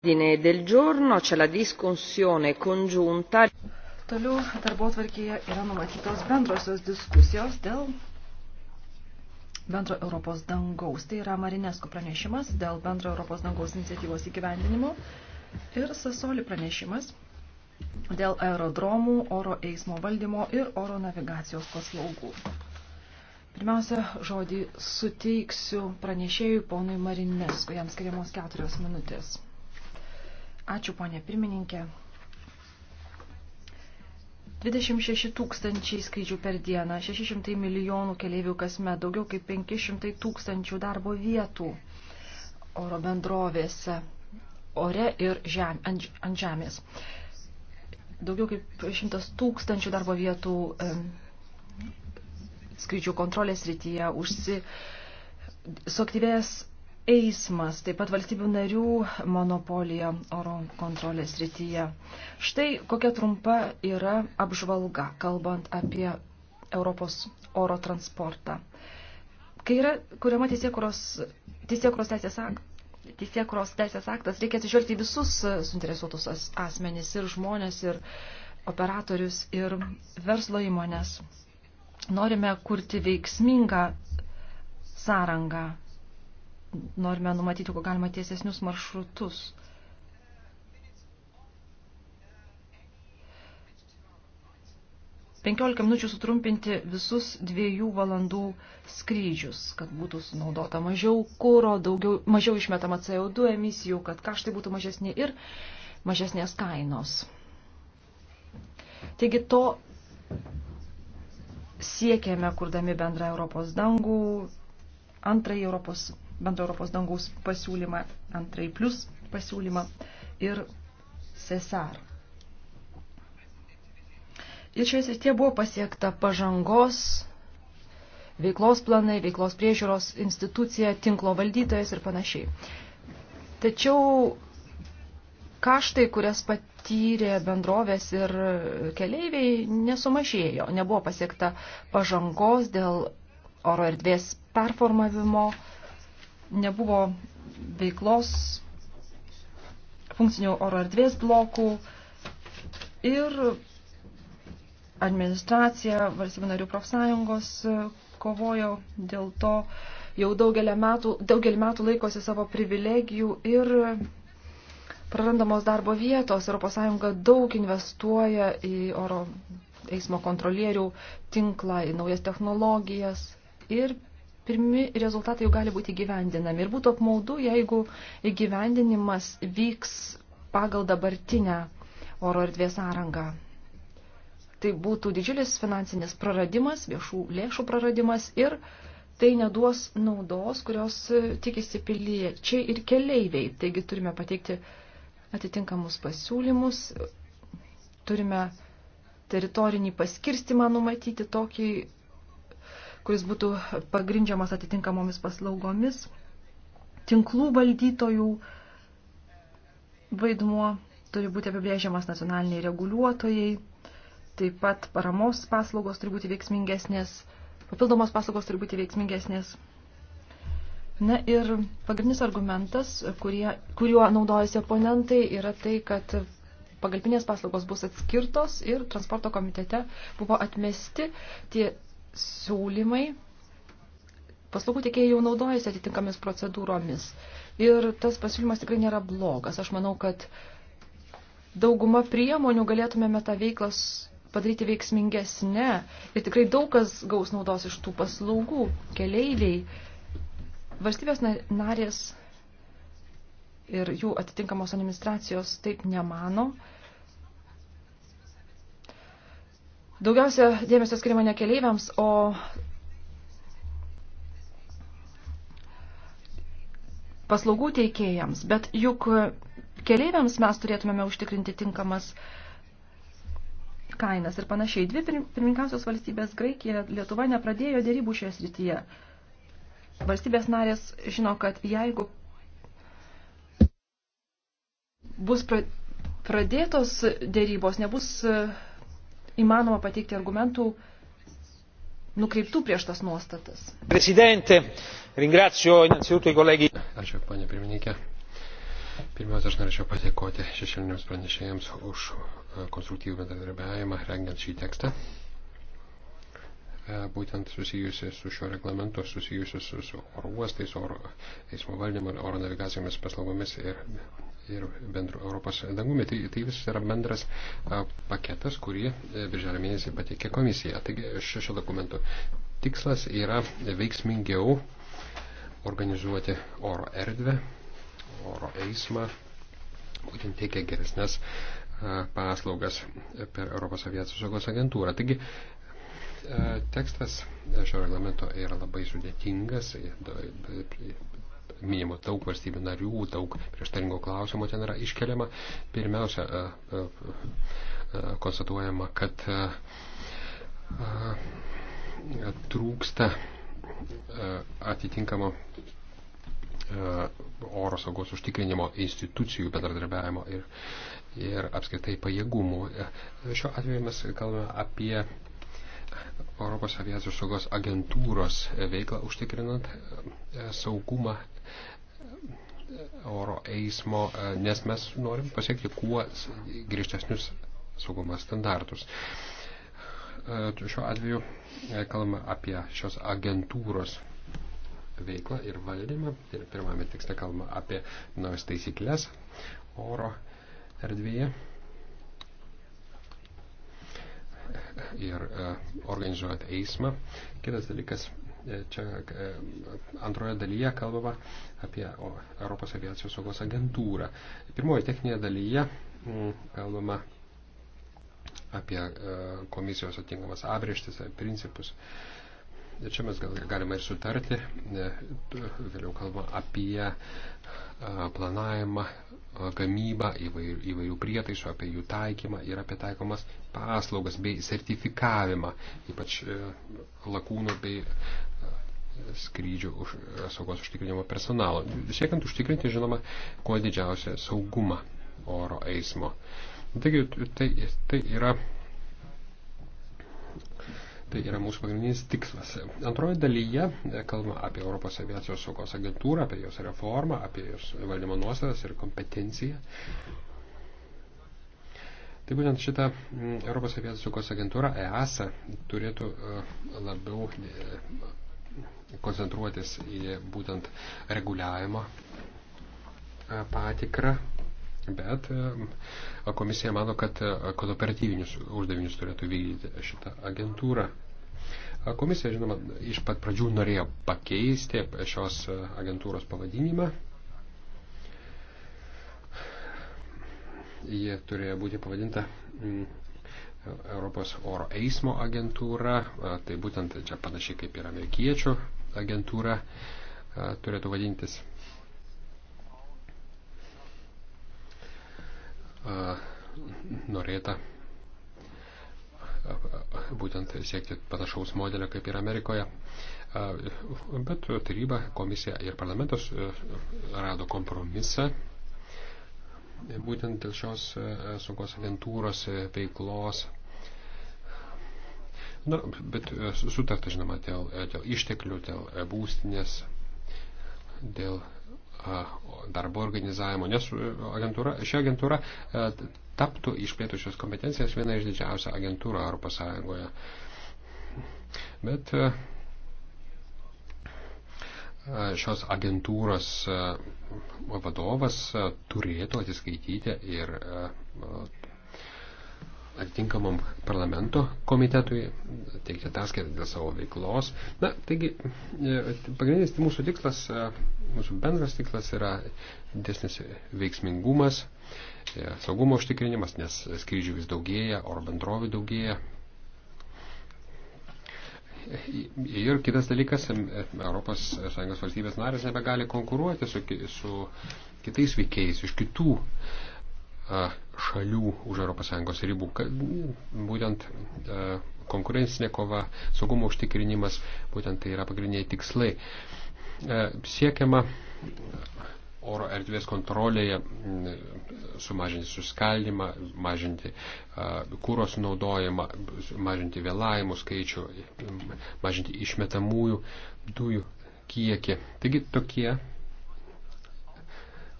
Ordine del giorno c'è la discussione congiunta. Toliau darbotvarkėje yra numatytos bendrosios diskusijos dėl bendro Europos dangaus. Tai yra Marinesko pranešimas dėl bendro Europos dangaus iniciatyvos įgyvendinimo ir Sasoli pranešimas dėl aerodromų, oro eismo valdymo ir oro navigacijos paslaugų. Pirmiausia, žodį suteiksiu pranešėjui ponui Marinesku, jam skiriamos keturios minutės. Ačiū, ponė pirmininkė. 26 tūkstančiai skrydžių per dieną, 600 milijonų keleivių kasmet, daugiau kaip 500 tūkstančių darbo vietų oro bendrovėse, ore ir žem, ant, ant žemės. Daugiau kaip 100 tūkstančių darbo vietų e, skrydžių kontrolės rytyje užsi suaktyvės eismas, taip pat valstybių narių monopolija oro kontrolės rytyje. Štai kokia trumpa yra apžvalga, kalbant apie Europos oro transportą. Kai yra kuriama teisėkuros, teisėkuros teisės aktas, teisėkuros teisės aktas, reikia atsižvelgti visus suinteresuotus asmenys ir žmonės, ir operatorius, ir verslo įmonės. Norime kurti veiksmingą sąrangą norime numatyti, kuo galima tiesesnius maršrutus. Penkiolika minučių sutrumpinti visus dviejų valandų skrydžius, kad būtų sunaudota mažiau kūro, daugiau, mažiau išmetama CO2 emisijų, kad kaštai būtų mažesni ir mažesnės kainos. Taigi to siekėme, kurdami bendrą Europos dangų, antrąjį Europos bendro Europos dangaus pasiūlymą, antrai plus pasiūlymą ir Cesar. Ir šioje srityje buvo pasiekta pažangos, veiklos planai, veiklos priežiūros institucija, tinklo valdytojas ir panašiai. Tačiau kaštai, kurias patyrė bendrovės ir keleiviai, nesumažėjo. Nebuvo pasiekta pažangos dėl oro erdvės performavimo, uh, nebuvo veiklos funkcinių oro erdvės blokų ir administracija, valstybių narių profsąjungos e, kovojo dėl to jau daugelį metų, daugelį metų laikosi savo privilegijų ir prarandamos darbo vietos. ES daug investuoja į oro eismo kontrolierių tinklą, į naujas technologijas ir pirmi rezultatai jau gali būti gyvendinami. Ir būtų apmaudu, jeigu gyvendinimas vyks pagal dabartinę oro erdvės sąrangą. Tai būtų didžiulis finansinis praradimas, viešų lėšų praradimas ir tai neduos naudos, kurios tikisi piliečiai ir keleiviai. Taigi turime pateikti atitinkamus pasiūlymus, turime teritorinį paskirstimą numatyti tokį kuris būtų pagrindžiamas atitinkamomis paslaugomis, tinklų valdytojų vaidmuo turi būti apibrėžiamas nacionaliniai reguliuotojai, taip pat paramos paslaugos turi būti veiksmingesnės, papildomos paslaugos turi būti veiksmingesnės. Na ir pagrindinis argumentas, kurie, kuriuo naudojasi oponentai, yra tai, kad pagalbinės paslaugos bus atskirtos ir transporto komitete buvo atmesti tie siūlymai. Paslaugų tiekėjai jau naudojasi atitinkamis procedūromis. Ir tas pasiūlymas tikrai nėra blogas. Aš manau, kad dauguma priemonių galėtumėme tą veiklas padaryti veiksmingesnę. Ir tikrai daug kas gaus naudos iš tų paslaugų. Keleiviai, valstybės narės ir jų atitinkamos administracijos taip nemano. Daugiausia dėmesio skiriama ne keleiviams, o paslaugų teikėjams. Bet juk keleiviams mes turėtumėme užtikrinti tinkamas kainas ir panašiai. Dvi pirmininkiausios valstybės Graikija ir Lietuva nepradėjo dėrybų šioje srityje. Valstybės narės žino, kad jeigu bus pradėtos dėrybos, nebus įmanoma pateikti argumentų nukreiptų prieš tas nuostatas. Prezidente, ringrazio innanzitutto i colleghi. Ačiū, panė pirmininkė. Pirmiausia, aš norėčiau padėkoti šešėliniams pranešėjams už e, konstruktyvų bendradarbiavimą rengiant šį tekstą. E, būtent susijusi su šiuo reglamentu, susijusi su, su oro uostais, oro eismo valdymu, oro navigacijomis paslaugomis ir ir bendru Europos dangumi. Tai, tai visas yra bendras paketas, kurį e, birželio mėnesį pateikė komisija. Taigi šio dokumento tikslas yra veiksmingiau organizuoti oro erdvę, oro eismą, būtent teikia geresnės paslaugas per Europos aviacijos saugos agentūrą. Taigi tekstas šio reglamento yra labai sudėtingas, minimo daug valstybių narių, daug prieštaringų klausimų ten yra iškeliama. Pirmiausia, konstatuojama, kad trūksta atitinkamo oro saugos užtikrinimo institucijų bendradarbiavimo ir, ir apskritai pajėgumų. Šiuo atveju mes kalbame apie Europos aviacijos saugos agentūros veiklą užtikrinant e, saugumą e, oro eismo, e, nes mes norim pasiekti kuo griežtesnius saugumo standartus. Šiuo atveju kalbame apie šios agentūros veiklą ir valdymą. Ir pirmame tekste kalbame apie naujas taisyklės oro erdvėje ir e, organizuojant eismą. Kitas dalykas, e, čia e, antroje dalyje kalbama apie Europos aviacijos saugos agentūrą. Pirmoje techninėje dalyje kalbama apie komisijos atinkamas abrieštis, principus čia mes gal galime ir sutarti, e, vėliau kalba apie e, planavimą, e, gamybą įvairių, įvairių prietaisų, apie jų taikymą ir apie taikomas paslaugas bei sertifikavimą, ypač lakūnų bei skrydžių už, saugos užtikrinimo personalo. Siekiant užtikrinti, žinoma, kuo didžiausią saugumą oro eismo. Taigi tai, tai yra Tai yra mūsų pagrindinis tikslas. Antroji dalyje e, kalbama apie Europos aviacijos saugos agentūrą, apie jos reformą, apie jos valdymo nuostatas ir kompetenciją. Tai būtent šita Europos aviacijos saugos agentūra, EASA, turėtų e, labiau e, koncentruotis į būtent reguliavimo patikrą Bet e, komisija mano, kad e, kooperatyvinius uždavinius turėtų vykdyti šitą agentūrą. E, komisija, žinoma, iš pat pradžių norėjo pakeisti šios agentūros pavadinimą. Jie turėjo būti pavadinta mm, Europos oro eismo agentūra, tai būtent čia panašiai kaip ir amerikiečių agentūra turėtų vadintis norėta būtent siekti panašaus modelio kaip ir Amerikoje. Bet taryba, komisija ir parlamentas rado kompromisą būtent dėl šios saugos agentūros veiklos. Na, bet sutarta, žinoma, dėl, dėl išteklių, dėl būstinės, dėl darbo organizavimo, nes agentūra, ši agentūra taptų išplėtusios kompetencijas viena iš didžiausių agentūrų Europos Sąjungoje. Bet šios agentūros vadovas turėtų atsiskaityti ir atitinkamam parlamento komitetui, teikti ataskaitą dėl savo veiklos. Na, taigi, e, pagrindinis tai mūsų tikslas, e, mūsų bendras tikslas yra didesnis veiksmingumas, e, saugumo užtikrinimas, nes skrydžių vis daugėja, oro bendrovių daugėja. Ir kitas dalykas, ES valstybės narės nebegali konkuruoti su, su kitais veikėjais iš kitų šalių už ES ribų. Būtent e, konkurencinė kova, saugumo užtikrinimas, būtent tai yra pagrindiniai tikslai. E, siekiama oro erdvės kontrolėje sumažinti suskaldimą, mažinti e, kūros naudojimą, mažinti vėlavimų skaičių, mažinti išmetamųjų dujų kiekį. Taigi tokie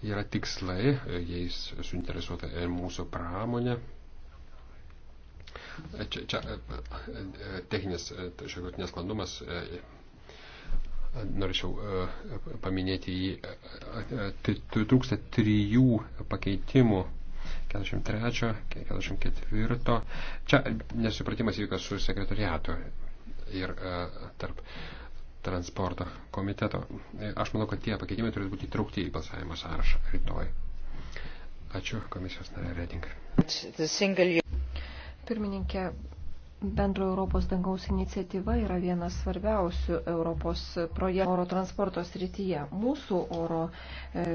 yra tikslai, jais suinteresuota ir mūsų pramonė. Čia, čia techninis šiek tiek nesklandumas, norėčiau paminėti jį, tai trūksta trijų pakeitimų 43, 44. Čia nesupratimas įvyko su sekretariatu ir tarp transporto komiteto. Aš manau, kad tie pakeitimai turės būti įtraukti į balsavimo sąrašą rytoj. Ačiū komisijos narė Reding. Pirmininkė, bendro Europos dangaus iniciatyva yra vienas svarbiausių Europos projektų oro transporto srityje. Mūsų oro e,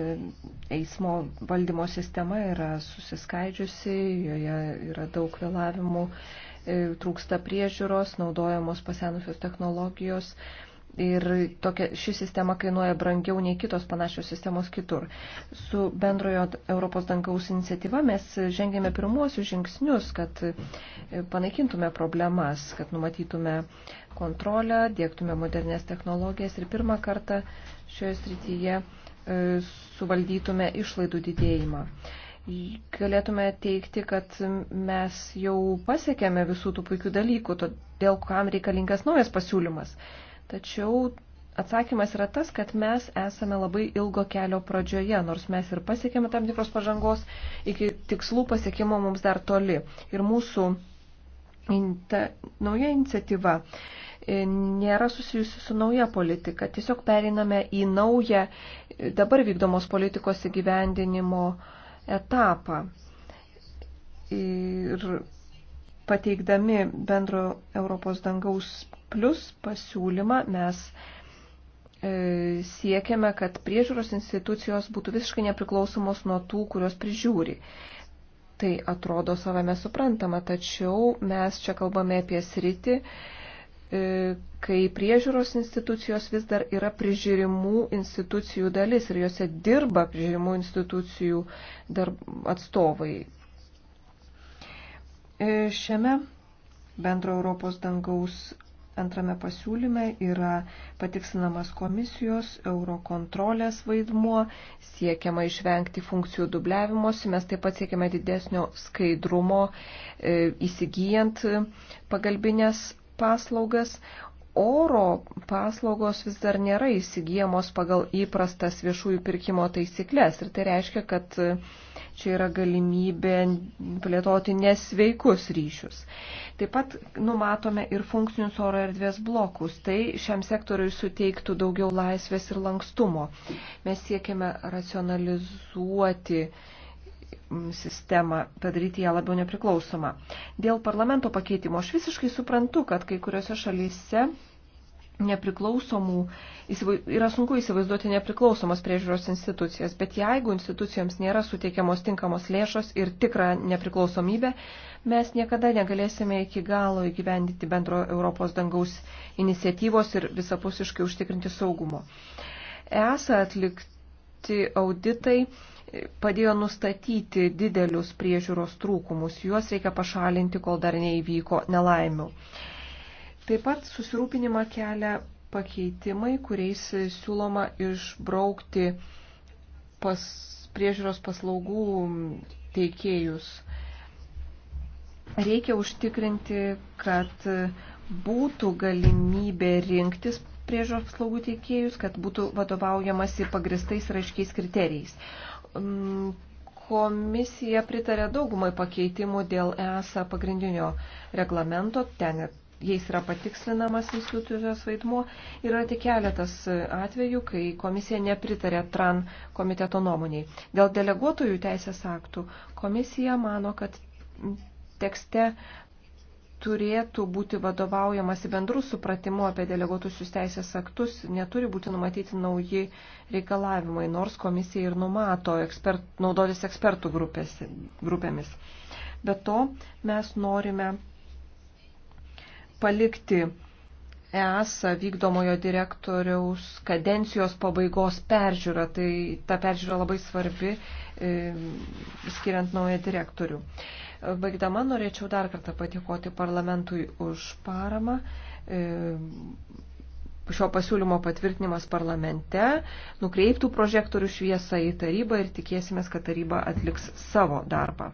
eismo valdymo sistema yra susiskaidžiusi, joje yra daug vėlavimų, e, trūksta priežiūros, naudojamos pasenusios technologijos. E, Ir tokia, ši sistema kainuoja brangiau nei kitos panašios sistemos kitur. Su bendrojo Europos dangaus iniciatyva mes žengėme pirmuosius žingsnius, kad e, panaikintume problemas, kad numatytume kontrolę, dėktume modernės technologijas ir pirmą kartą šioje srityje e, suvaldytume išlaidų didėjimą galėtume teikti, kad mes jau pasiekėme visų tų puikių dalykų, todėl kam reikalingas naujas pasiūlymas. Tačiau atsakymas yra tas, kad mes esame labai ilgo kelio pradžioje, nors mes ir pasiekėme tam tikros pažangos, iki tikslų pasiekimo mums dar toli. Ir mūsų ta nauja iniciatyva e, nėra susijusi su nauja politika. Tiesiog pereiname į naują e, dabar vykdomos politikos įgyvendinimo etapą. Ir pateikdami bendro Europos dangaus plus pasiūlymą mes e, siekiame, kad priežiūros institucijos būtų visiškai nepriklausomos nuo tų, kurios prižiūri. Tai atrodo savame suprantama, tačiau mes čia kalbame apie sritį, e, kai priežiūros institucijos vis dar yra prižiūrimų institucijų dalis ir juose dirba prižiūrimų institucijų atstovai. E, šiame bendro Europos dangaus antrame pasiūlyme yra patiksinamas komisijos eurokontrolės vaidmuo, siekiama išvengti funkcijų dubliavimuose, mes taip pat siekiame didesnio skaidrumo e, įsigijant pagalbinės paslaugas, oro paslaugos vis dar nėra įsigijamos pagal įprastas viešųjų pirkimo taisyklės. Ir tai reiškia, kad čia yra galimybė plėtoti nesveikus ryšius. Taip pat numatome ir funkcinius oro erdvės blokus. Tai šiam sektoriui suteiktų daugiau laisvės ir lankstumo. Mes siekiame racionalizuoti sistemą, padaryti ją labiau nepriklausomą. Dėl parlamento pakeitimo aš visiškai suprantu, kad kai kuriuose šalyse nepriklausomų, yra sunku įsivaizduoti nepriklausomos priežiūros institucijas, bet jeigu institucijoms nėra suteikiamos tinkamos lėšos ir tikra nepriklausomybė, mes niekada negalėsime iki galo įgyvendyti bendro Europos dangaus iniciatyvos ir visapusiškai užtikrinti saugumo. ESA atlikti auditai padėjo nustatyti didelius priežiūros trūkumus. Juos reikia pašalinti, kol dar neįvyko nelaimių. Taip pat susirūpinimą kelia pakeitimai, kuriais siūloma išbraukti pas, priežiūros paslaugų teikėjus. Reikia užtikrinti, kad būtų galimybė rinktis priežiūros paslaugų teikėjus, kad būtų vadovaujamasi pagristais raiškiais kriterijais. Mm, komisija pritarė daugumai pakeitimų dėl ESA pagrindinio reglamento, ten jais yra patikslinamas institucijos vaidmuo. Yra tik keletas atvejų, kai komisija nepritarė TRAN komiteto nuomoniai. Dėl deleguotojų teisės aktų komisija mano, kad tekste turėtų būti vadovaujamasi bendrų supratimu apie deleguotusius teisės aktus, neturi būti numatyti nauji reikalavimai, nors komisija ir numato ekspert, naudotis ekspertų grupės, grupėmis. Be to, mes norime palikti EASA vykdomojo direktoriaus kadencijos pabaigos peržiūra. Tai ta peržiūra labai svarbi, e, skiriant naują direktorių. E, Baigdama norėčiau dar kartą patikoti parlamentui už paramą. E, šio pasiūlymo patvirtinimas parlamente nukreiptų prožektorių šviesą į tarybą ir tikėsimės, kad taryba atliks savo darbą.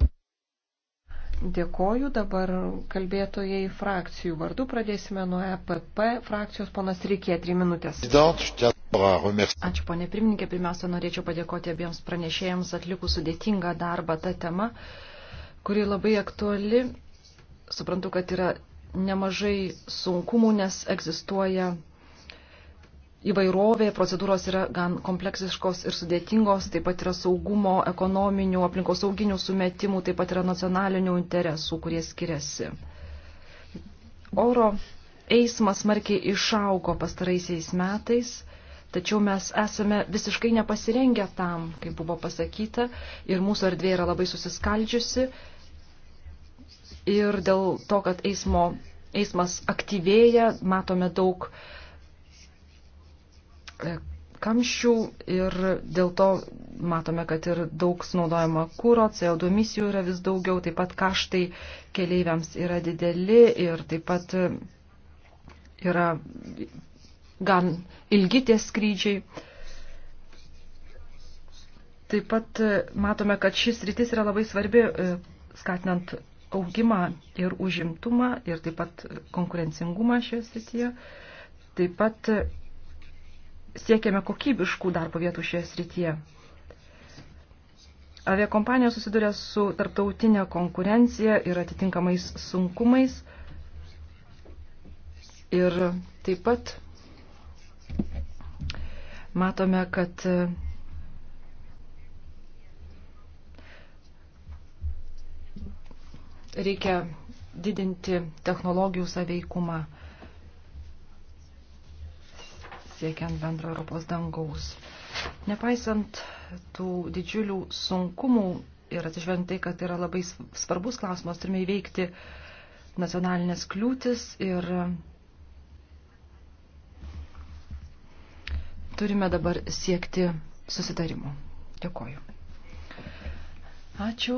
Dėkoju dabar kalbėtojai frakcijų vardu. Pradėsime nuo EPP frakcijos ponas Rikė, 3 minutės. Ačiū, ponė pirmininkė. Pirmiausia, norėčiau padėkoti abiems pranešėjams atlikus sudėtingą darbą tą temą kuri labai aktuali. Suprantu, kad yra nemažai sunkumų, nes egzistuoja įvairovė, procedūros yra gan kompleksiškos ir sudėtingos, taip pat yra saugumo, ekonominių, aplinkosauginių sumetimų, taip pat yra nacionalinių interesų, kurie skiriasi. Oro eismas smarkiai išaugo pastaraisiais metais Tačiau mes esame visiškai nepasirengę tam, kaip buvo pasakyta, ir mūsų erdvė yra labai susiskaldžiusi. Ir dėl to, kad eismo, eismas aktyvėja, matome daug e, kamščių ir dėl to matome, kad ir daug sunaudojama kūro, CO2 emisijų yra vis daugiau, taip pat kaštai keleiviams yra dideli ir taip pat e, yra gan ilgi tie skrydžiai. Taip pat e, matome, kad šis rytis yra labai svarbi e, skatinant augimą ir užimtumą ir taip pat konkurencingumą šioje srityje. Taip pat e, siekiame kokybiškų darbo vietų šioje srityje. Aviakompanija susiduria su tarptautinė konkurencija ir atitinkamais sunkumais. Ir taip pat matome, kad reikia didinti technologijų saveikumą siekiant bendro Europos dangaus. Nepaisant tų didžiulių sunkumų ir atsižvelgiant tai, kad yra labai svarbus klausimas, turime įveikti nacionalinės kliūtis ir turime dabar siekti susitarimo. Dėkoju. Ačiū.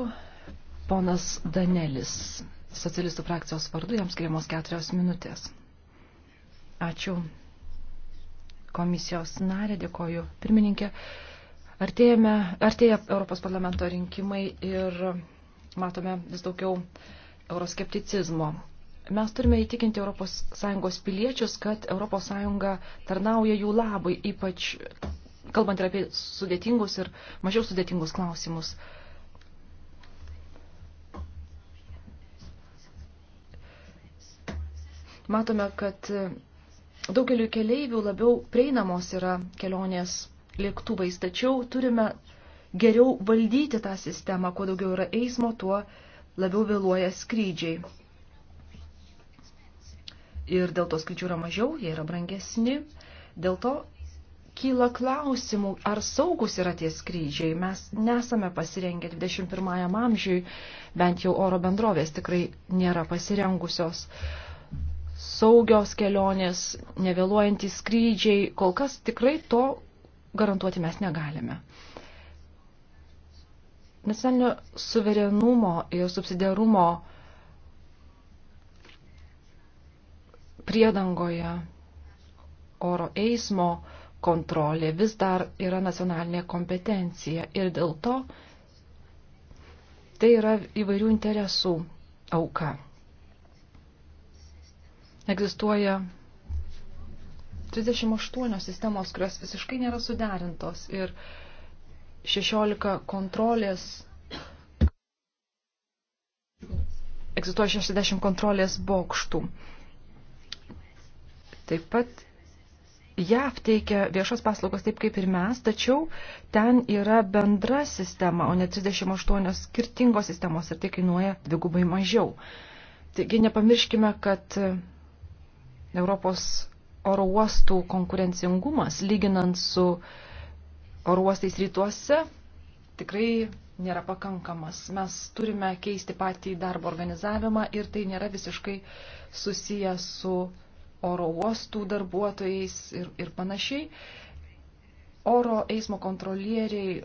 Ponas Danelis, socialistų frakcijos vardu, jam skiriamos keturios minutės. Ačiū. Komisijos narė, dėkoju. Pirmininkė, artėjame, artėja Europos parlamento rinkimai ir matome vis daugiau euroskepticizmo. Mes turime įtikinti ES piliečius, kad ES tarnauja jų labai, ypač kalbant ir apie sudėtingus ir mažiau sudėtingus klausimus. Matome, kad daugeliu keleivių labiau prieinamos yra kelionės lėktuvais, tačiau turime geriau valdyti tą sistemą, kuo daugiau yra eismo, tuo labiau vėluoja skrydžiai ir dėl to skrydžių yra mažiau, jie yra brangesni. Dėl to kyla klausimų, ar saugus yra tie skrydžiai. Mes nesame pasirengę 21 amžiui, bent jau oro bendrovės tikrai nėra pasirengusios. Saugios kelionės, nevėluojantys skrydžiai, kol kas tikrai to garantuoti mes negalime. Nacionalinio suverenumo ir subsidiarumo uh, priedangoje oro eismo kontrolė vis dar yra nacionalinė kompetencija ir dėl to tai yra įvairių interesų auka. Egzistuoja 38 sistemos, kurios visiškai nėra suderintos ir 16 kontrolės egzistuoja 60 kontrolės bokštų. Taip pat JAV teikia viešas paslaugas taip kaip ir mes, tačiau ten yra bendra sistema, o ne 38 skirtingos sistemos ir tai kainuoja dvigubai mažiau. Taigi nepamirškime, kad Europos oro uostų konkurencingumas, lyginant su oro uostais rytuose, tikrai nėra pakankamas. Mes turime keisti patį darbo organizavimą ir tai nėra visiškai susiję su oro uostų darbuotojais ir, ir panašiai. Oro eismo kontrolieriai,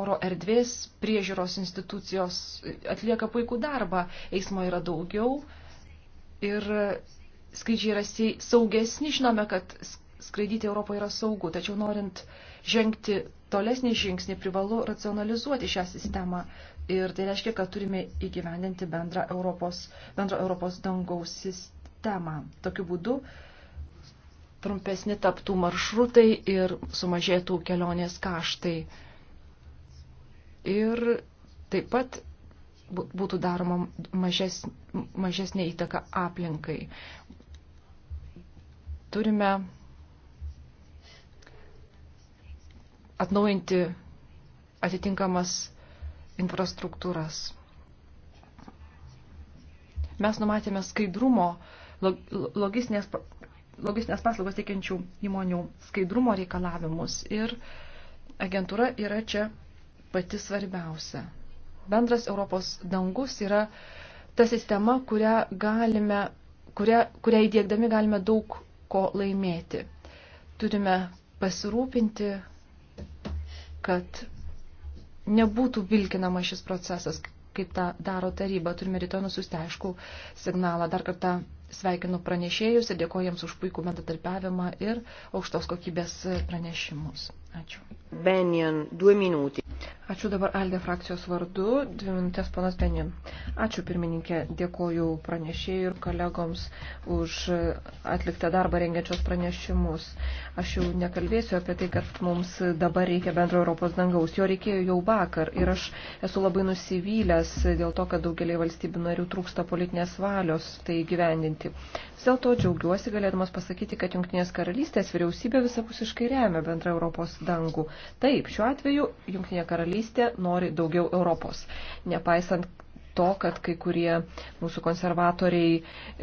oro erdvės priežiūros institucijos atlieka puikų darbą, eismo yra daugiau ir skrydžiai yra saugesni, žinome, kad skraidyti Europoje yra saugu, tačiau norint žengti tolesnį žingsnį, privalu racionalizuoti šią sistemą ir tai reiškia, kad turime įgyvendinti bendrą Europos, bendro Europos dangaus sistemą temą. Tokiu būdu trumpesni taptų maršrutai ir sumažėtų kelionės kaštai. Ir taip pat būtų daroma mažes, mažesnė įtaka aplinkai. Turime atnaujinti atitinkamas infrastruktūras. Mes numatėme skaidrumo uh, logistinės, logistinės paslaugas teikiančių įmonių skaidrumo reikalavimus ir agentūra yra čia pati svarbiausia. Bendras Europos dangus yra ta sistema, kurią, galime, kurią, kurią įdėkdami galime daug ko laimėti. Turime pasirūpinti, kad nebūtų vilkinama šis procesas, kaip tą daro taryba. Turime rytoj nusiųsti aišku signalą. Dar kartą Sveikinu pranešėjus ir dėkojams už puikų bendradarbiavimą ir aukštos kokybės pranešimus. Ačiū. Benjan, du minutį. Ačiū dabar Aldė frakcijos vardu, dvi minutės panas Benjan. Ačiū pirmininkė, dėkoju pranešėjai ir kolegoms už atliktą darbą rengiančios pranešimus. Aš jau nekalbėsiu apie tai, kad mums dabar reikia bendro Europos dangaus. Jo reikėjo jau vakar ir aš esu labai nusivylęs dėl to, kad daugeliai valstybių narių trūksta politinės valios tai gyvendinti. Vis dėlto džiaugiuosi galėdamas pasakyti, kad Junktinės karalystės vyriausybė visapusiškai remia bendrą Europos dangų. Taip, šiuo atveju Junktinė karalystė nori daugiau Europos. Nepaisant to, kad kai kurie mūsų konservatoriai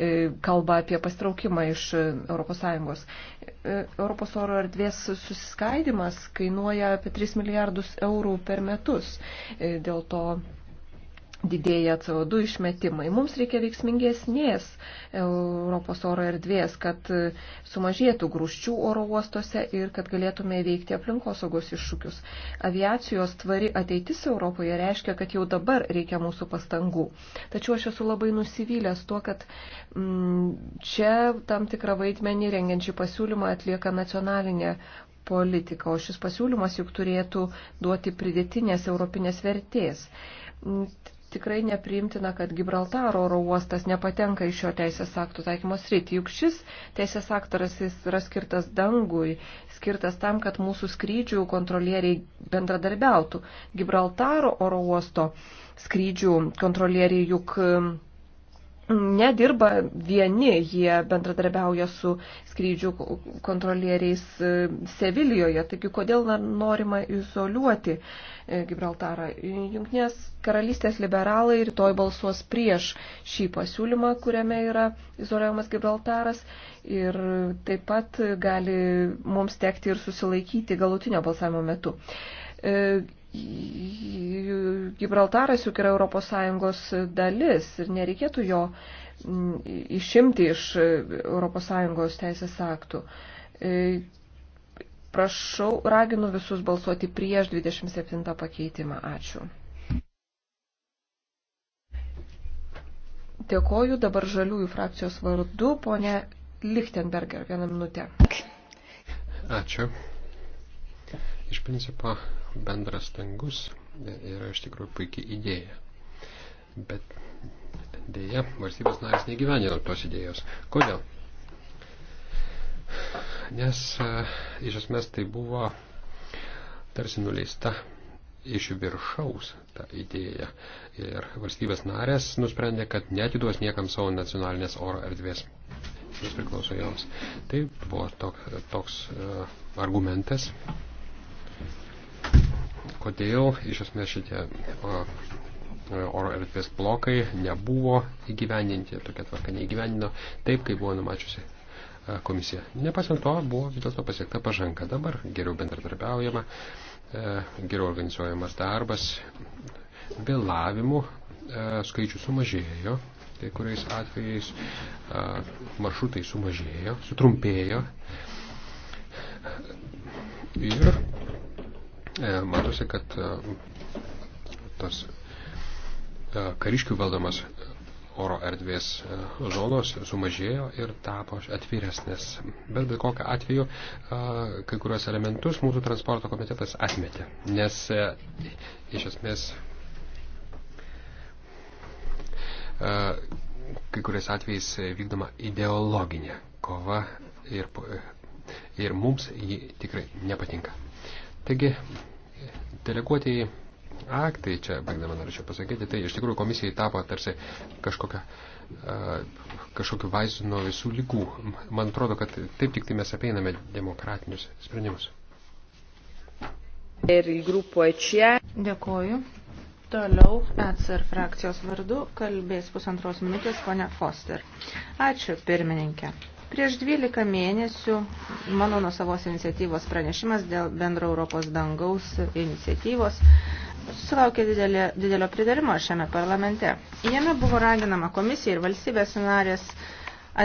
e, kalba apie pastraukimą iš ES. E, Europos oro erdvės susiskaidimas kainuoja apie 3 milijardus eurų per metus. E, dėl to didėja CO2 išmetimai. Mums reikia veiksmingesnės Europos oro erdvės, kad sumažėtų grūščių oro uostuose ir kad galėtume įveikti aplinkosaugos iššūkius. Aviacijos tvari ateitis Europoje reiškia, kad jau dabar reikia mūsų pastangų. Tačiau aš esu labai nusivylęs tuo, kad mm, čia tam tikrą vaidmenį rengiančių pasiūlymą atlieka nacionalinė politika, o šis pasiūlymas juk turėtų duoti pridėtinės europinės vertės tikrai nepriimtina, kad Gibraltaro oro uostas nepatenka į šio teisės aktų taikymos rytį, juk šis teisės aktaras yra skirtas dangui, skirtas tam, kad mūsų skrydžių kontrolieriai bendradarbiautų. Gibraltaro oro uosto skrydžių kontrolieriai juk nedirba vieni, jie bendradarbiauja su skrydžių kontrolieriais e, Sevilijoje. Taigi, kodėl norima izoliuoti e, Gibraltarą? Junknės karalystės liberalai rytoj balsuos prieš šį pasiūlymą, kuriame yra izoliuojamas Gibraltaras. Ir taip pat gali mums tekti ir susilaikyti galutinio balsavimo metu e, Gibraltaras juk yra ES dalis ir nereikėtų jo išimti iš ES teisės aktų. E, prašau, raginu visus balsuoti prieš 27 pakeitimą. Ačiū. Dėkoju dabar žaliųjų frakcijos vardu, ponė Lichtenberger, vieną minutę. Ačiū. Iš principo bendras tangus yra iš tikrųjų puikiai idėja. Bet dėja, valstybės narės negyvenino tos idėjos. Kodėl? Nes e, iš esmės tai buvo tarsi nuleista iš viršaus tą idėją. Ir valstybės narės nusprendė, kad netiduos niekam savo nacionalinės oro erdvės. Jis priklauso joms. Tai buvo toks, toks e, uh, argumentas, kodėl iš esmės šitie e, oro erdvės blokai nebuvo įgyvendinti, tokia tvarka neįgyvendino taip, kaip buvo numačiusi e, komisija. Nepasiant to, buvo vis dėlto pasiekta pažanga dabar, geriau bendradarbiaujama, e, geriau organizuojamas darbas, vėlavimų skaičių sumažėjo, kai kuriais atvejais maršrutai sumažėjo, sutrumpėjo. Ir E, matosi, kad e, tas e, kariškių valdomas oro erdvės zonos sumažėjo ir tapo atviresnės. Bet bet kokią atveju kai kuriuos elementus mūsų transporto komitetas atmetė, nes iš esmės kai kuriais atvejais vykdoma ideologinė kova ir, ir mums ji tikrai nepatinka. Taigi, deleguotieji aktai, čia baigdama norėčiau pasakyti, tai iš tikrųjų komisijai tapo tarsi kažkokia kažkokiu vaizdu nuo visų lygų. Man atrodo, kad taip tik tai mes apeiname demokratinius sprendimus. Ir grupo čia. Dėkoju. Toliau ECR frakcijos vardu kalbės pusantros minutės ponia Foster. Ačiū pirmininkė. Prieš 12 mėnesių mano nusavos iniciatyvos pranešimas dėl bendro Europos dangaus iniciatyvos sulaukė didelė, didelio pridarimo šiame parlamente. Jame buvo raginama komisija ir valstybės narės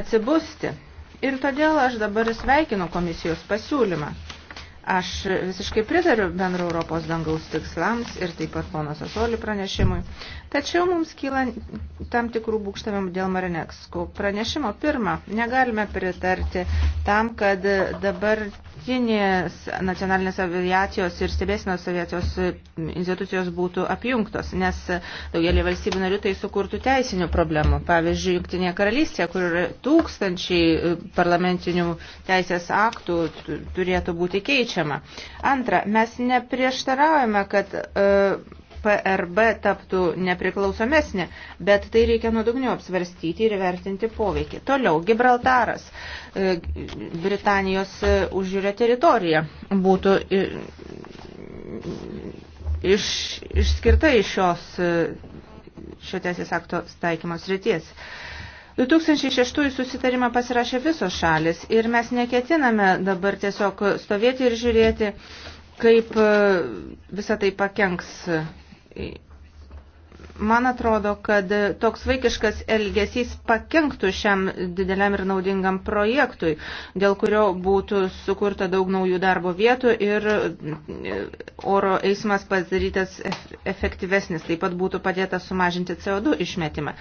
atsibusti. Ir todėl aš dabar sveikinu komisijos pasiūlymą. Aš visiškai pritariu bendro Europos dangaus tikslams ir taip pat pono Sasoli pranešimui. Tačiau mums kyla tam tikrų būkštavimų dėl Marinekskų. Pranešimo pirmą negalime pritarti tam, kad dabartinės nacionalinės aviacijos ir stebėsinos aviacijos institucijos būtų apjungtos, nes daugelį valstybių narių tai sukurtų teisinių problemų. Pavyzdžiui, Junktinėje karalystėje, kur yra tūkstančiai e, parlamentinių teisės aktų turėtų būti keičiama. Antra, mes neprieštaraujame, kad uh, PRB taptų nepriklausomesnė, bet tai reikia nuodugniau apsvarstyti ir vertinti poveikį. Toliau, Gibraltaras, e, Britanijos e, užžiūrė teritorija, būtų iš, išskirta iš šios e, šio teisės akto taikymos ryties. 2006 susitarimą pasirašė visos šalis ir mes neketiname dabar tiesiog stovėti ir žiūrėti, kaip visą tai pakenks Man atrodo, kad toks vaikiškas elgesys pakenktų šiam dideliam ir naudingam projektui, dėl kurio būtų sukurta daug naujų darbo vietų ir e, oro eismas padarytas efektyvesnis, taip pat būtų padėta sumažinti CO2 išmetimą.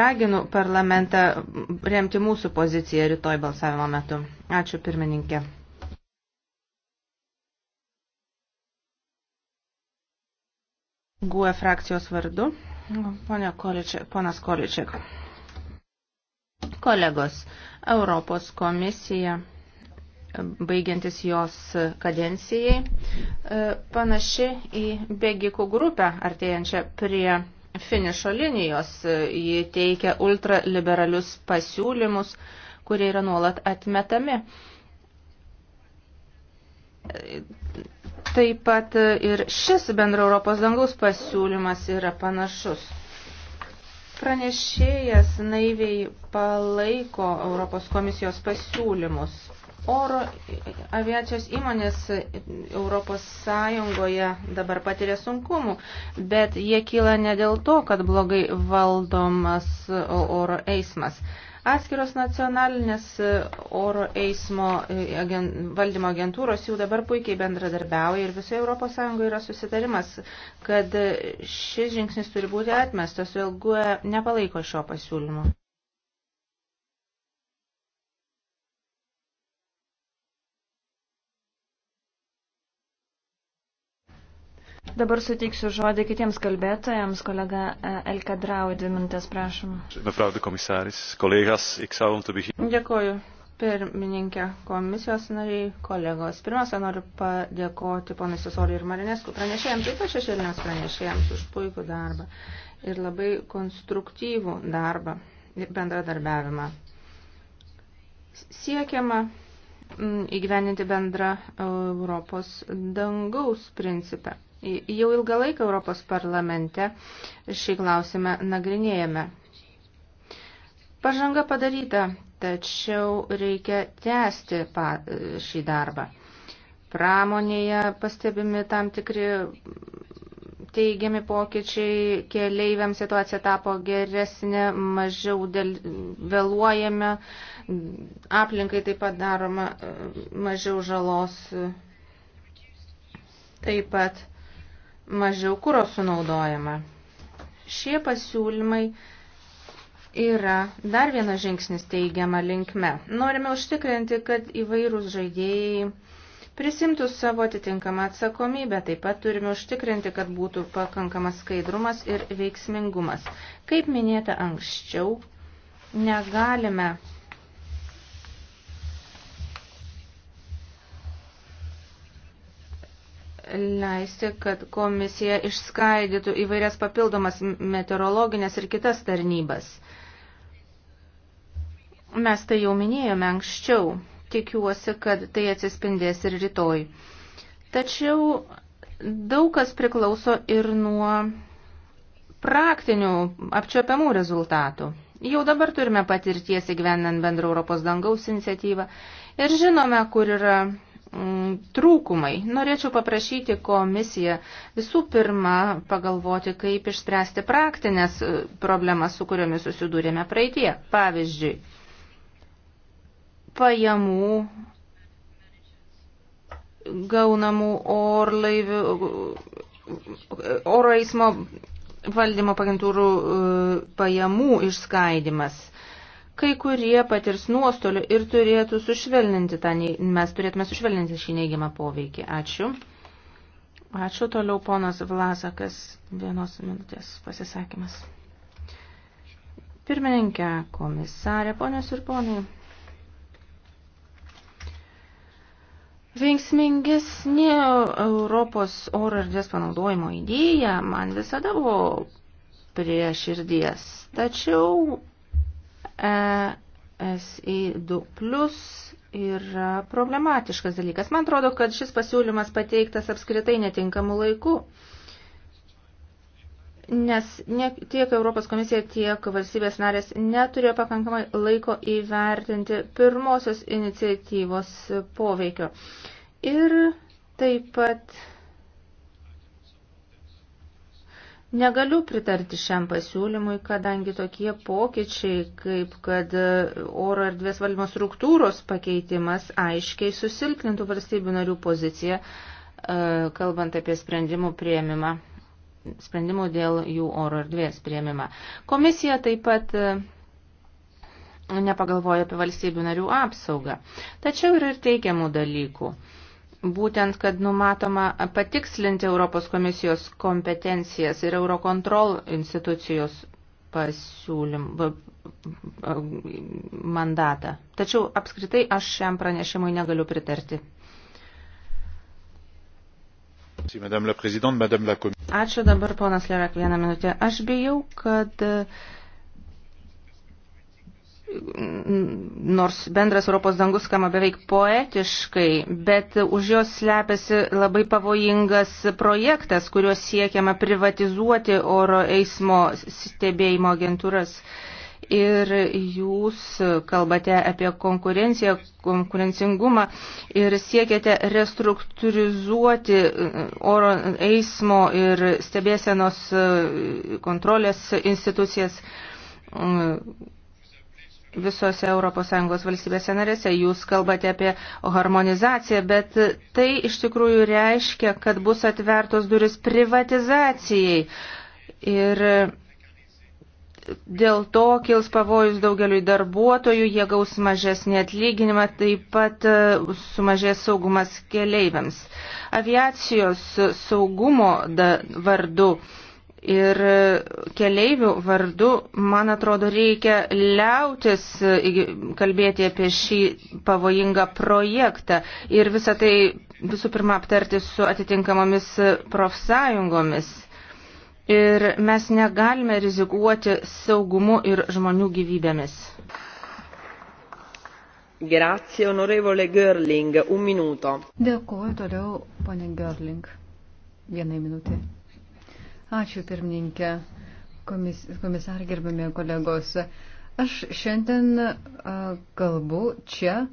Raginu parlamentą remti mūsų poziciją rytoj balsavimo metu. Ačiū pirmininkė. GUE frakcijos vardu. Pone Količek, ponas Količek. Kolegos, Europos komisija baigiantis jos kadencijai, e, panaši į bėgikų grupę artėjančią prie finišo linijos. E, ji teikia ultraliberalius pasiūlymus, kurie yra nuolat atmetami. Taip pat ir šis bendro Europos dangaus pasiūlymas yra panašus. Pranešėjas naiviai palaiko Europos komisijos pasiūlymus. Oro aviacijos įmonės Europos Sąjungoje dabar patiria sunkumų, bet jie kyla ne dėl to, kad blogai valdomas oro eismas. Atskiros nacionalinės e, oro eismo e, valdymo agentūros jau dabar puikiai bendradarbiauja ir visoje ES yra susitarimas, kad e, šis žingsnis turi būti atmestas, todėl GUE nepalaiko šio pasiūlymo. Dabar suteiksiu žodį kitiems kalbėtojams. Kolega e, Elka Drau, dvi minutės, prašom. Mevrouw de komisaris, kolegas, ik zou om te beginnen. Dėkoju pirmininkė komisijos nariai, kolegos. Pirmiausia, noriu padėkoti ponai Sosoliui ir Marinesku pranešėjams, taip pat šešėliniams pranešėjams už puikų darbą ir labai konstruktyvų darbą ir bendradarbiavimą. Siekiama mm, įgyveninti bendrą Europos dangaus principą. Jau ilgą laiką Europos parlamente šį klausimą nagrinėjame. Pažanga padaryta, tačiau reikia tęsti šį darbą. Pramonėje pastebimi tam tikri teigiami pokyčiai, keleiviams situacija tapo geresnė, mažiau dėl, vėluojame, aplinkai taip pat daroma mažiau žalos. Taip pat mažiau kūro sunaudojama. Šie pasiūlymai yra dar vienas žingsnis teigiama linkme. Norime užtikrinti, kad įvairūs žaidėjai prisimtų savo atitinkamą atsakomybę. Taip pat turime užtikrinti, kad būtų pakankamas skaidrumas ir veiksmingumas. Kaip minėta anksčiau, negalime leisti, kad komisija išskaidytų įvairias papildomas meteorologinės ir kitas tarnybas. Mes tai jau minėjome anksčiau. Tikiuosi, kad tai atsispindės ir rytoj. Tačiau daug kas priklauso ir nuo praktinių apčiopiamų rezultatų. Jau dabar turime patirties įgyvendant bendrą Europos dangaus iniciatyvą ir žinome, kur yra Mm, trūkumai. Norėčiau paprašyti komisiją visų pirma pagalvoti, kaip išspręsti praktinės e, problemas, su kuriomis susidūrėme praeitie. Pavyzdžiui, pajamų gaunamų orlaivių, oro eismo valdymo agentūrų e, pajamų išskaidimas kai kurie patirs nuostolių ir turėtų sušvelninti tą, mes turėtume sušvelninti šį neigiamą poveikį. Ačiū. Ačiū toliau ponas Vlasakas, vienos minutės pasisakymas. Pirmininkė, komisarė, ponios ir ponai. Veiksmingesnė Europos oro erdvės panaudojimo idėja man visada buvo prie širdies. Tačiau ESI2 plus yra problematiškas dalykas. Man atrodo, kad šis pasiūlymas pateiktas apskritai netinkamu laiku nes ne, tiek Europos komisija, tiek valstybės narės neturėjo pakankamai laiko įvertinti pirmosios iniciatyvos poveikio. Ir taip pat Negaliu pritarti šiam pasiūlymui, kadangi tokie pokyčiai, kaip kad e, oro erdvės valdymo struktūros pakeitimas, aiškiai susilpnintų valstybių narių poziciją, e, kalbant apie sprendimų prieimimą, sprendimų dėl jų oro erdvės prieimimą. Komisija taip pat e, nepagalvoja apie valstybių narių apsaugą. Tačiau yra ir teigiamų dalykų būtent, kad numatoma patikslinti Europos komisijos kompetencijas ir Eurokontrol institucijos pasiūlym, mandatą. Tačiau apskritai aš šiam pranešimui negaliu pritarti. Ačiū dabar, ponas Lerak, vieną minutę. Aš bijau, kad nors bendras Europos dangus skamba beveik poetiškai, bet už jos slepiasi labai pavojingas projektas, kuriuo siekiama privatizuoti oro eismo stebėjimo agentūras. Ir jūs kalbate apie konkurenciją, konkurencingumą ir siekiate restruktūrizuoti oro eismo ir stebėsenos kontrolės institucijas visose ES valstybėse narėse. Jūs kalbate apie harmonizaciją, bet tai iš tikrųjų reiškia, kad bus atvertos duris privatizacijai. Ir dėl to kils pavojus daugeliui darbuotojų, jie gaus mažesnį atlyginimą, taip pat e, sumažės saugumas keleiviams. Aviacijos saugumo vardu ir keleivių vardu, man atrodo, reikia liautis e, kalbėti apie šį pavojingą projektą ir visą tai visų pirma aptarti su atitinkamomis profsąjungomis. Ir mes negalime rizikuoti saugumu ir žmonių gyvybėmis. Grazie, onorevole Görling, un minuto. Dėkuoju toliau, ponė Görling. Vienai minutė. Ačiū pirmininkė, komis, komisar gerbami kolegos. Aš šiandien a, kalbu čia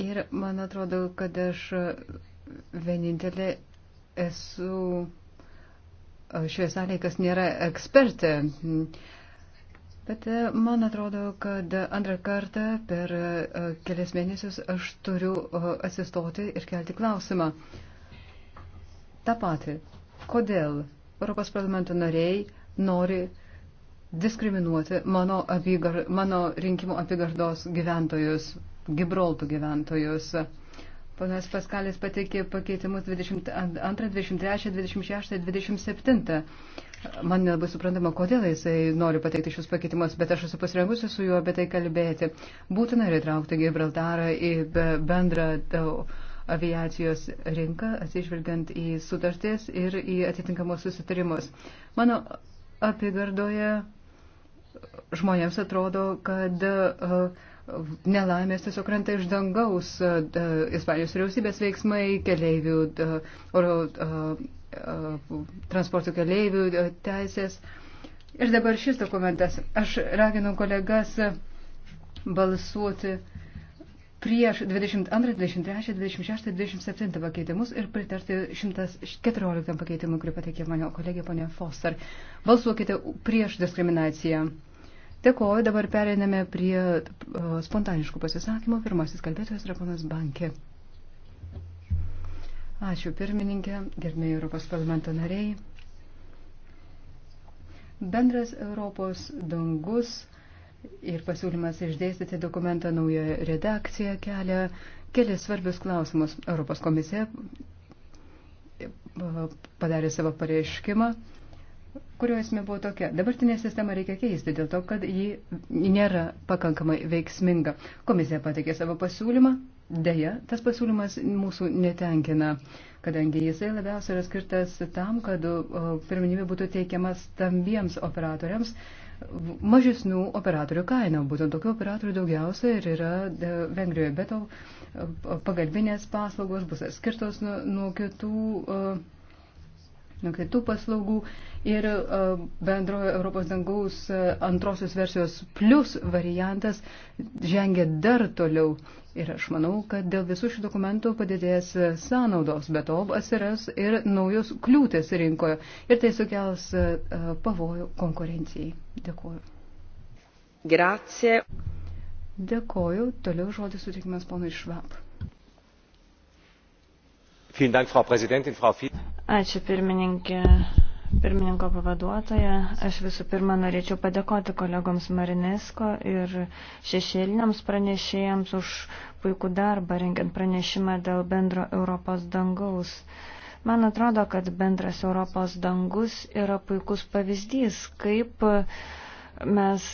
ir man atrodo, kad aš vienintelė esu šioje salėje, kas nėra ekspertė. Bet man atrodo, kad antrą kartą per kelias mėnesius aš turiu atsistoti ir kelti klausimą. Ta pati. Kodėl Europos parlamento nariai nori diskriminuoti mano, apygar, mano rinkimų apygardos gyventojus, Gibraltų gyventojus. Ponas Paskalis pateikė pakeitimus 22, 23, 26, 27. Man nelabai suprantama, kodėl jisai nori pateikti šius pakeitimus, bet aš esu pasirengusi su juo apie tai kalbėti. Būtina įtraukti Gibraltarą į bendrą. Uh, aviacijos rinką, atsižvelgiant į sutartis ir į atitinkamus susitarimus. Mano apygardoje žmonėms atrodo, kad e, nelaimės tiesiog krenta iš dangaus e, e, Ispanijos vyriausybės veiksmai, keleivių, oro transporto keleivių teisės. Ir dabar šis dokumentas. Aš raginu kolegas balsuoti uh, prieš 22, 23, 26, 27 pakeitimus ir pritarti 114 pakeitimui, kurį pateikė mano kolegė ponė Foster. Balsuokite prieš diskriminaciją. Dėkoju, dabar pereiname prie uh, spontaniškų pasisakymų. Pirmasis kalbėtojas yra ponas Bankė. Ačiū pirmininkė, gerbėjai Europos parlamento nariai. Bendras Europos dangus Ir pasiūlymas išdėstyti dokumentą naują redakciją kelia kelias svarbius klausimus. Europos komisija e, padarė savo pareiškimą, kurio esmė buvo tokia. Dabartinė sistema reikia keisti dėl to, kad ji nėra pakankamai veiksminga. Komisija pateikė savo pasiūlymą. Deja, tas pasiūlymas mūsų netenkina, kadangi jisai labiausiai yra skirtas tam, kad pirminybė būtų teikiama stambiems operatoriams mažesnių operatorių kainą. Būtent tokių operatorių daugiausia ir yra e, Vengrijoje, bet to e, pagalbinės paslaugos bus skirtos nuo, nuo kitų. E, nuo kitų paslaugų ir bendrojo Europos dangaus antrosios versijos plus variantas žengia dar toliau Ir aš manau, kad dėl visų šių dokumentų padidės sąnaudos, bet to atsiras ir naujos kliūtės rinkoje. Ir tai sukels e, pavojų konkurencijai. Dėkuoju. Grazie. Dėkuoju. Toliau žodis sutikimas ponui Švab. Ačiū pirmininkė pirmininko pavaduotoja. Aš visų pirma norėčiau padėkoti kolegoms Marinesko ir šešėliniams pranešėjams už puikų darbą rengiant pranešimą dėl bendro Europos dangaus. Man atrodo, kad bendras Europos dangus yra puikus pavyzdys, kaip mes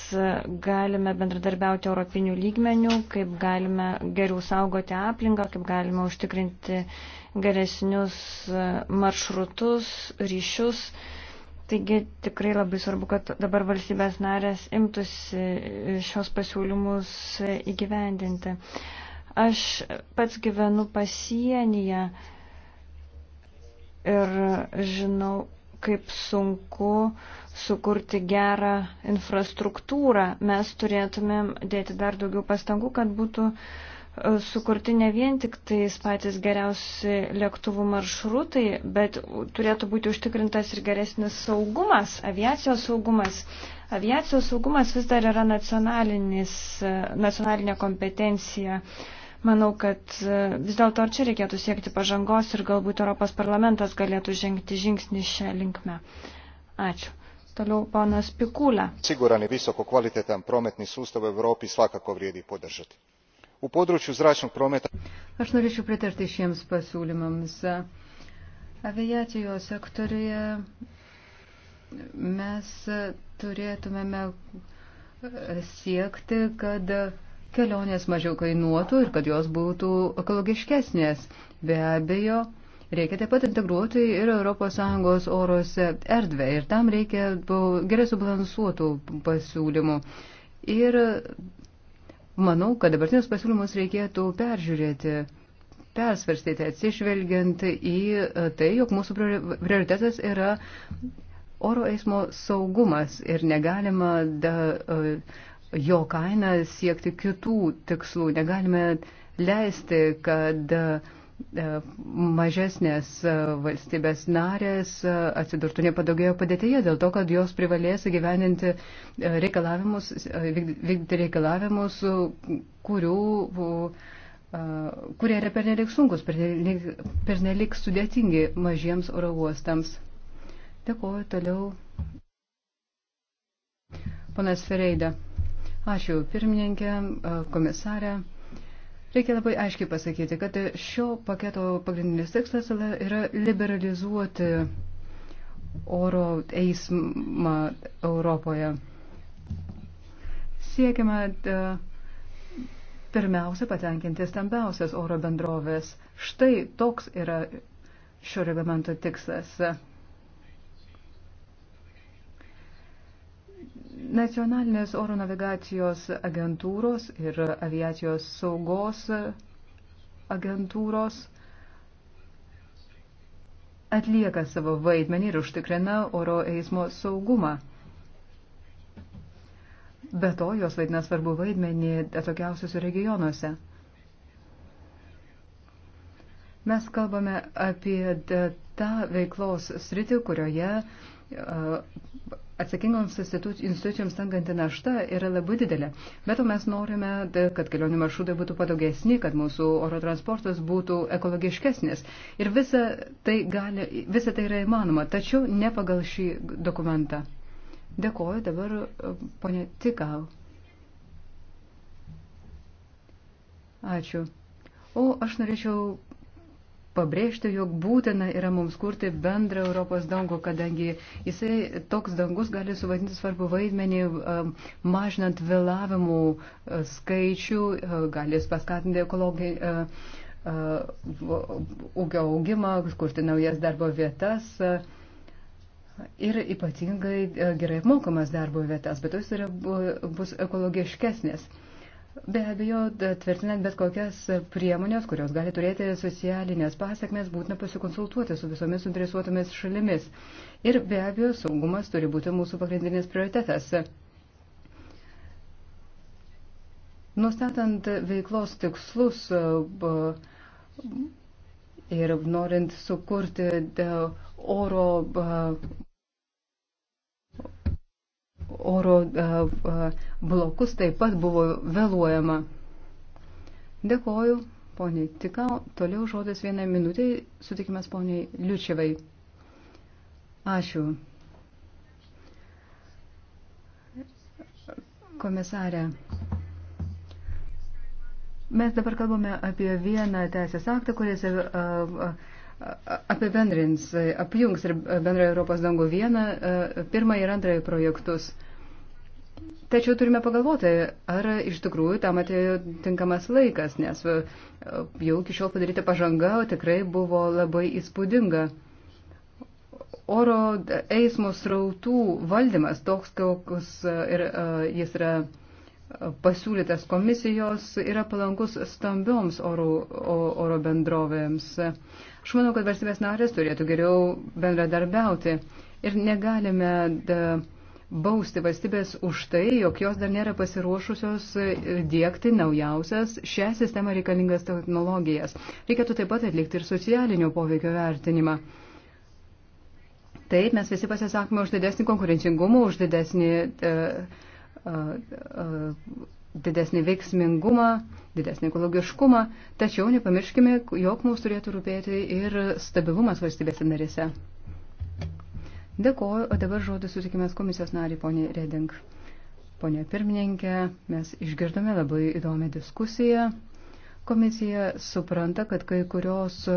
galime bendradarbiauti europinių lygmenių, kaip galime geriau saugoti aplinką, kaip galime užtikrinti geresnius e, maršrutus, ryšius. Taigi tikrai labai svarbu, kad dabar valstybės narės imtųsi šios pasiūlymus įgyvendinti. Aš pats gyvenu pasienyje ir žinau, kaip sunku sukurti gerą infrastruktūrą. Mes turėtumėm dėti dar daugiau pastangų, kad būtų uh, sukurti ne vien tik tais patys geriausi lėktuvų maršrutai, bet turėtų būti užtikrintas ir geresnis saugumas, aviacijos saugumas. Aviacijos saugumas vis dar yra nacionalinė kompetencija. Manau, kad e, vis dėlto čia reikėtų siekti pažangos ir galbūt Europos parlamentas galėtų žengti žingsnį šią linkmę. Ačiū. Toliau ponas Pikula. Siguran i visoko kvalitetan prometni sustav u Europi svakako vrijedi podržati u području zračnog prometa. Aš norėčiau pritarti šiems pasiūlymams. Aviacijos sektoriuje mes turėtumėme siekti, kad kelionės mažiau kainuotų ir kad jos būtų ekologiškesnės. Be abejo, Reikia taip pat integruoti ir ES oros erdvę ir tam reikia gerai subalansuotų pasiūlymų. Ir Manau, kad dabartinius pasiūlymus reikėtų peržiūrėti, persvarstyti, atsižvelgiant į e, tai, jog mūsų prioritetas yra oro eismo saugumas ir negalima da, e, jo kainą siekti kitų tikslų, negalime leisti, kad da, e, E, mažesnės e, valstybės narės e, atsidurtų nepadaugėjo padėtėje dėl to, kad jos privalės gyveninti reikalavimus, vykdyti reikalavimus, kurių, kurie yra pernelik sunkus, pernelik, pernelik sudėtingi mažiems oro uostams. Dėkuoju toliau. Ponas Fereida. Ačiū pirmininkė, komisarė. Reikia labai aiškiai pasakyti, kad šio paketo pagrindinis tikslas yra liberalizuoti oro eismą Europoje. Siekiama e, pirmiausia patenkinti stambiausias oro bendrovės. Štai toks yra šio reglamento tikslas. Nacionalinės oro navigacijos agentūros ir aviacijos saugos agentūros atlieka savo vaidmenį ir užtikrina oro eismo saugumą. Be to, jos vaidina svarbu vaidmenį atokiausiuose regionuose. Mes kalbame apie tą veiklos sritį, kurioje atsakingoms institucijoms tenkanti našta yra labai didelė. Bet to mes norime, kad kelionių maršrutai būtų patogesni, kad mūsų oro transportas būtų ekologiškesnis. Ir visa tai, gali, visa tai yra įmanoma, tačiau ne pagal šį dokumentą. Dėkoju dabar, e, ponė Tikau. Ačiū. O aš norėčiau pabrėžti, jog būtina yra mums kurti bendrą Europos dangų, kadangi jisai toks dangus gali suvaidinti svarbu vaidmenį, um, mažinant vėlavimų uh, skaičių, uh, gali paskatinti ekologiją uh, ūkio augimą, kurti naujas darbo vietas. Ir ypatingai gerai apmokamas darbo vietas, bet jos yra, bus ekologiškesnės. Be abejo, tvirtinant bet kokias priemonės, kurios gali turėti socialinės pasiekmes, būtina pasikonsultuoti su visomis suinteresuotomis šalimis. Ir be abejo, saugumas turi būti mūsų pagrindinis prioritetas. Nustatant veiklos tikslus ir norint sukurti oro oro e, e, blokus taip pat buvo vėluojama. Dėkoju, poniai Tikau. Toliau žodis vieną minutę sutikimas poniai Liučiavai. Ačiū. Komisarė. Mes dabar kalbame apie vieną teisės aktą, kuris e, apibendrins, apjungs ir bendrą Europos dangų vieną, pirmąjį ir antrąjį projektus. Tačiau turime pagalvoti, ar iš tikrųjų tam atėjo tinkamas laikas, nes e, jau iki šiol padaryta pažanga tikrai buvo labai įspūdinga. Oro eismo srautų valdymas toks, koks e, ir, e, jis yra pasiūlytas komisijos, yra palankus stambioms oro, oro bendrovėms. Aš manau, kad valstybės narės turėtų geriau bendradarbiauti ir negalime. Da, de bausti valstybės už tai, jog jos dar nėra pasiruošusios e, dėkti naujausias šią sistemą reikalingas technologijas. Reikėtų taip pat atlikti ir socialinio poveikio vertinimą. Taip, mes visi pasisakome už didesnį konkurencingumą, už didesnį, uh, uh, didesnį veiksmingumą, didesnį ekologiškumą, tačiau nepamirškime, jog mums turėtų rūpėti ir stabilumas valstybėse narėse. Dėkoju, o dabar žodį sutikimės komisijos narį, ponė Reding. Ponė pirmininkė, mes išgirdome labai įdomią diskusiją. Komisija supranta, kad kai kurios e,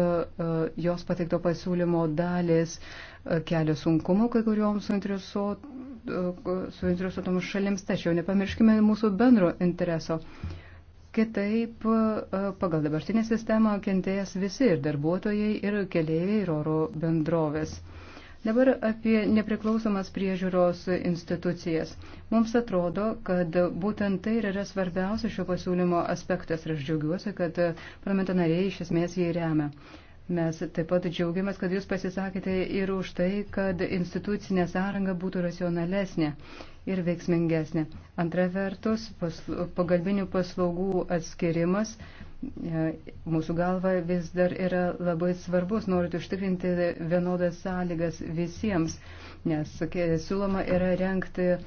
jos pateikto pasiūlymo dalis e, kelia sunkumų kai kurioms e, suinteresuotoms šalims, tačiau nepamirškime mūsų bendro intereso. Kitaip, pagal dabartinę sistemą kentėjęs visi ir darbuotojai, ir keliaiviai, ir oro bendrovės. Dabar apie nepriklausomas priežiūros institucijas. Mums atrodo, kad būtent tai ir yra svarbiausia šio pasiūlymo aspektas ir aš džiaugiuosi, kad parlamento nariai iš esmės jį remia. Mes taip pat džiaugiamės, kad jūs pasisakėte ir už tai, kad institucinė sąranga būtų racionalesnė ir veiksmingesnė. Antra vertus, pas, pagalbinių paslaugų atskirimas E, mūsų galva vis dar yra labai svarbus, norint užtikrinti vienodas sąlygas visiems, nes siūloma yra renkti e,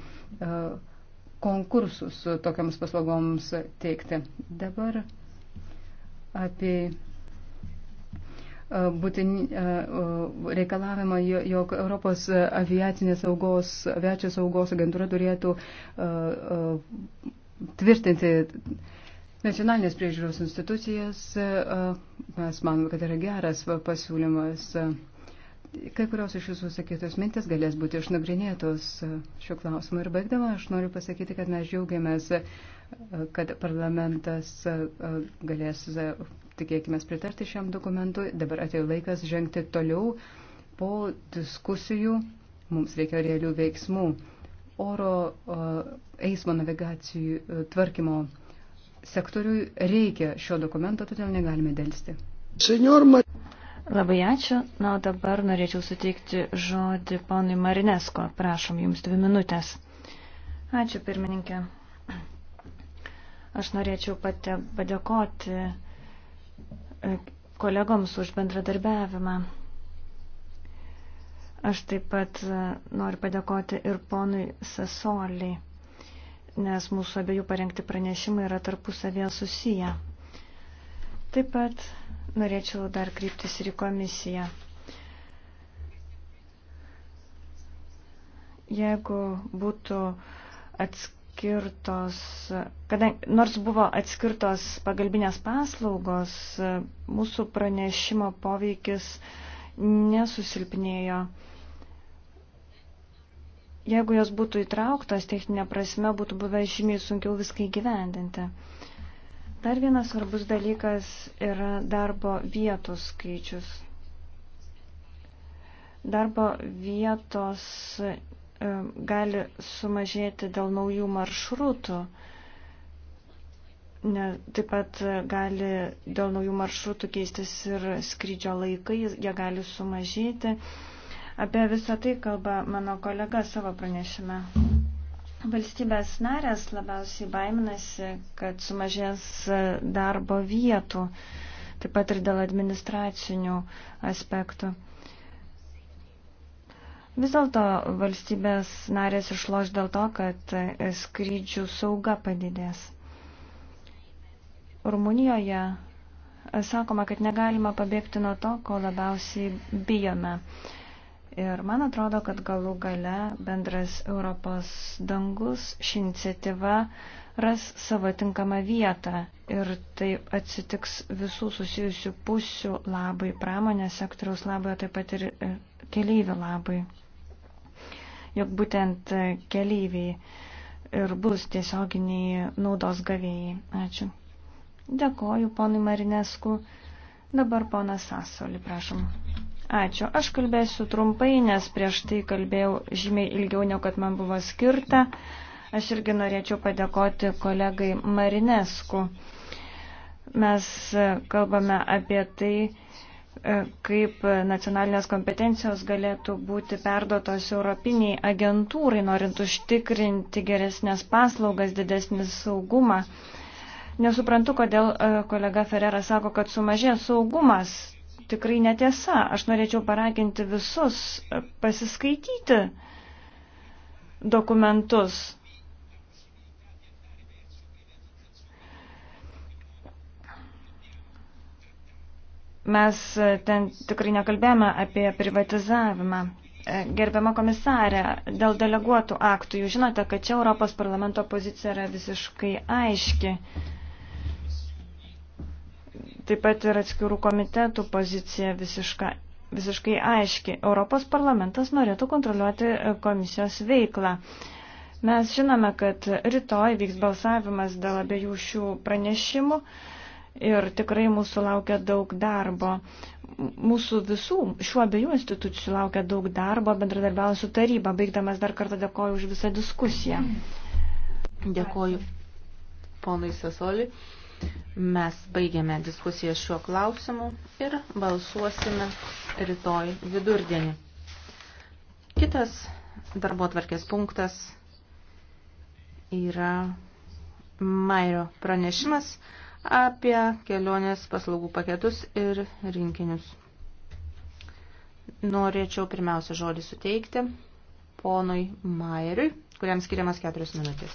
konkursus tokiams paslaugoms teikti. Dabar apie e, būtin reikalavimą, jog Europos aviacinės saugos, aviacijos saugos agentūra turėtų tvirtinti nacionalinės priežiūros institucijas, e, mes manome, kad yra geras pasiūlymas. Kai kurios iš jūsų sakytos mintis galės būti išnagrinėtos šiuo klausimu. Ir baigdama, aš noriu pasakyti, kad mes džiaugiamės, e, kad parlamentas e, galės, tikėkime, pritarti šiam dokumentui. Dabar atėjo laikas žengti toliau po diskusijų. Mums reikia realių veiksmų. Oro eismo navigacijų tvarkymo sektoriui reikia šio dokumento, todėl negalime dėlsti. Labai ačiū. Na, o dabar norėčiau suteikti žodį ponui Marinesko. Prašom, jums dvi minutės. Ačiū, pirmininkė. Aš norėčiau pate, padėkoti e, kolegoms už bendradarbiavimą. Aš taip pat e, noriu padėkoti ir ponui Sasoliai nes mūsų abiejų parengti pranešimai yra tarpusavėje susiję. Taip pat norėčiau dar kryptis ir į komisiją. Jeigu būtų atskirtos, kadangi nors buvo atskirtos pagalbinės paslaugos, mūsų pranešimo poveikis nesusilpnėjo. Jeigu jos būtų įtrauktos, techninė prasme būtų buvę žymiai sunkiau viską įgyvendinti. Dar vienas svarbus dalykas yra darbo vietų skaičius. Darbo vietos e, gali sumažėti dėl naujų maršrutų. Ne, taip pat gali dėl naujų maršrutų keistis ir skrydžio laikai, jie gali sumažėti. Uh, Apie visą tai kalba mano kolega savo pranešime. Valstybės narės labiausiai baiminasi, kad sumažės darbo vietų, taip pat ir dėl administracinių aspektų. Vis dėlto valstybės narės išloš dėl to, kad skrydžių sauga padidės. Rumunijoje sakoma, kad negalima pabėgti nuo to, ko labiausiai bijome. Ir man atrodo, kad galų gale bendras Europos dangus ši iniciatyva ras savo tinkamą vietą ir tai atsitiks visų susijusių pusių labai, pramonės sektoriaus labai, o taip pat ir e, keleivių labai. Juk būtent e, keleiviai ir bus tiesioginiai naudos gavėjai. Ačiū. Dėkoju ponui Marinesku. Dabar ponas Sasoli, prašom. Ačiū. Aš kalbėsiu trumpai, nes prieš tai kalbėjau žymiai ilgiau, negu kad man buvo skirta. Aš irgi norėčiau padėkoti kolegai Marinesku. Mes e, kalbame apie tai, e, kaip nacionalinės kompetencijos galėtų būti perdotos Europiniai agentūrai, norint užtikrinti geresnės paslaugas, didesnį saugumą. Nesuprantu, kodėl e, kolega Ferreras sako, kad sumažės saugumas tikrai netiesa. Aš norėčiau paraginti visus pasiskaityti dokumentus. Mes ten tikrai nekalbėjome apie privatizavimą. Gerbiama komisarė, dėl deleguotų aktų, jūs žinote, kad čia Europos parlamento pozicija yra visiškai aiški. Taip pat ir atskirų komitetų pozicija visiška, visiškai aiški. Europos parlamentas norėtų kontroliuoti e, komisijos veiklą. Mes žinome, kad rytoj vyks balsavimas dėl abiejų šių pranešimų ir tikrai mūsų laukia daug darbo. Mūsų visų, šiuo abiejų institucijų laukia daug darbo, bendradarbiausiu su taryba. Baigdamas dar kartą dėkoju už visą diskusiją. Dėkoju ponui Sasoliui. Mes baigėme diskusiją šiuo klausimu ir balsuosime rytoj vidurdienį. Kitas darbo tvarkės punktas yra Mairio pranešimas apie kelionės paslaugų paketus ir rinkinius. Norėčiau pirmiausia žodį suteikti ponui Mairiui, kuriam skiriamas keturios minutės.